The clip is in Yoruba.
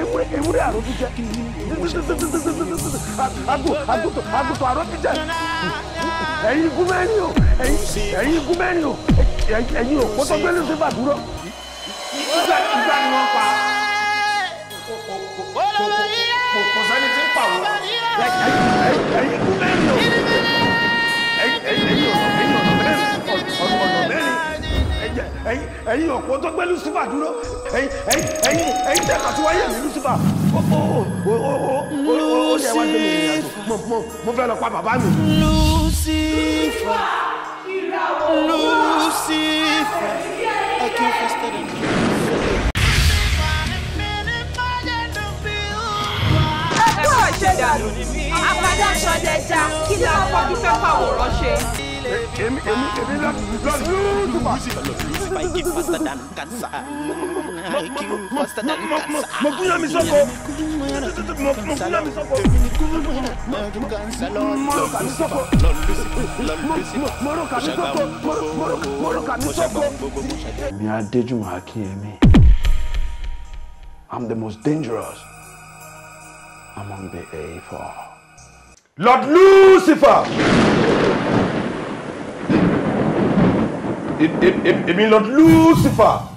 ewúrẹ́ ewúrẹ́ àròbíjẹ àgùntàn àgùntàn àròbíjẹ ẹ̀yin igun mẹ́rin o ẹ̀yin igun mẹ́rin o ẹ̀yin òpótọ́gbẹ́lẹ́sẹ̀ bàdúrọ̀ ìgbà ìgbà ni wọ́n. ẹ̀yin ọ̀pọ̀ tó gbé lucifer dúró ẹ̀yin ẹ̀yin ẹ̀yin tẹ̀ kàtí wáyé mi lucifer ó ó ó ó ó ó yẹ wá gbé mi ìrìn mo fẹ́ lọ pa bàbá mi. lucifer lucifer I came faster than you. ẹ kọ́ ọ̀jẹ̀ dànù àbádáṣọ kí ni àwọn ṣe. I'm the most dangerous among the A4. Lord Lucifer! it, it, it, it means Lucifer